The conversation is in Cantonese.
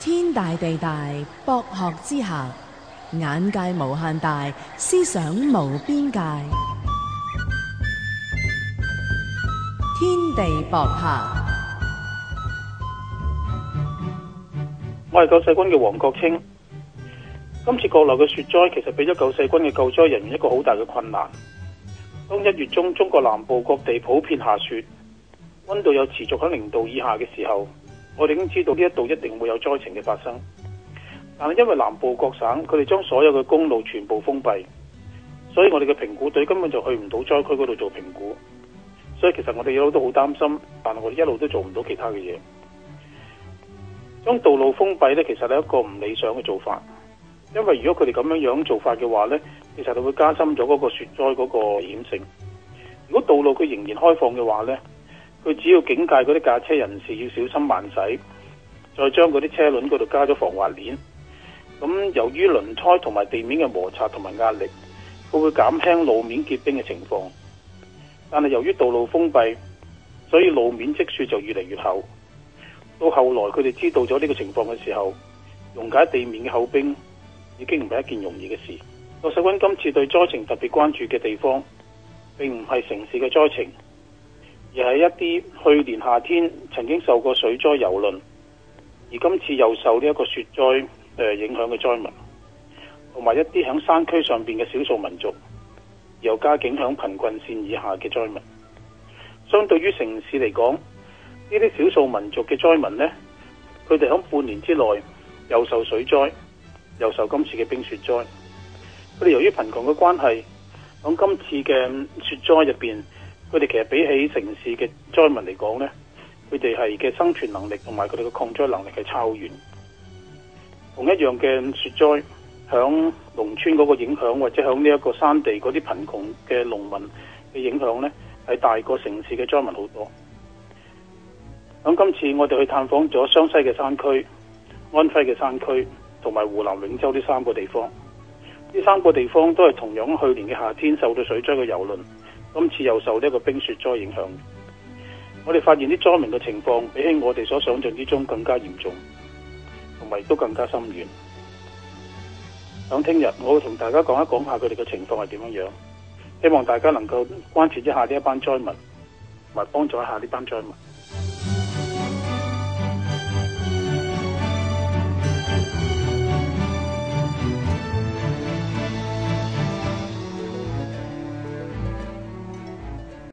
天大地大，博學之下眼界無限大，思想無邊界。天地博客，我係救世軍嘅王國清。今次國內嘅雪災，其實俾咗救世軍嘅救災人員一個好大嘅困難。當一月中，中國南部各地普遍下雪，溫度有持續喺零度以下嘅時候。我哋已經知道呢一度一定會有災情嘅發生，但係因為南部各省佢哋將所有嘅公路全部封閉，所以我哋嘅評估隊根本就去唔到災區嗰度做評估，所以其實我哋一路都好擔心，但係我哋一路都做唔到其他嘅嘢。將道路封閉呢，其實係一個唔理想嘅做法，因為如果佢哋咁樣樣做法嘅話呢，其實就會加深咗嗰個雪災嗰個險性。如果道路佢仍然開放嘅話呢。佢只要警戒嗰啲駕車人士要小心慢駛，再將嗰啲車輪嗰度加咗防滑鏈，咁由於輪胎同埋地面嘅摩擦同埋壓力，佢會減輕路面結冰嘅情況。但係由於道路封閉，所以路面積雪就越嚟越厚。到後來佢哋知道咗呢個情況嘅時候，溶解地面嘅厚冰已經唔係一件容易嘅事。郭世軍今次對災情特別關注嘅地方，並唔係城市嘅災情。而係一啲去年夏天曾經受過水災蹂躪，而今次又受呢一個雪災誒、呃、影響嘅災民，同埋一啲響山區上邊嘅少數民族，又加影響貧困線以下嘅災民。相對於城市嚟講，呢啲少數民族嘅災民呢，佢哋響半年之內又受水災，又受今次嘅冰雪災。佢哋由於貧窮嘅關係，響今次嘅雪災入邊。佢哋其實比起城市嘅災民嚟講，呢佢哋係嘅生存能力同埋佢哋嘅抗災能力係差好遠。同一樣嘅雪災，響農村嗰個影響，或者響呢一個山地嗰啲貧窮嘅農民嘅影響，呢係大過城市嘅災民好多。咁今次我哋去探訪咗湘西嘅山區、安徽嘅山區同埋湖南永州呢三個地方，呢三個地方都係同樣去年嘅夏天受到水災嘅遊輪。今次又受呢個冰雪災影響，我哋發現啲災民嘅情況比起我哋所想象之中更加嚴重，同埋亦都更加深遠。等聽日我會同大家講一講下佢哋嘅情況係點樣樣，希望大家能夠關注一下呢一班災民，同埋幫助一下呢班災民。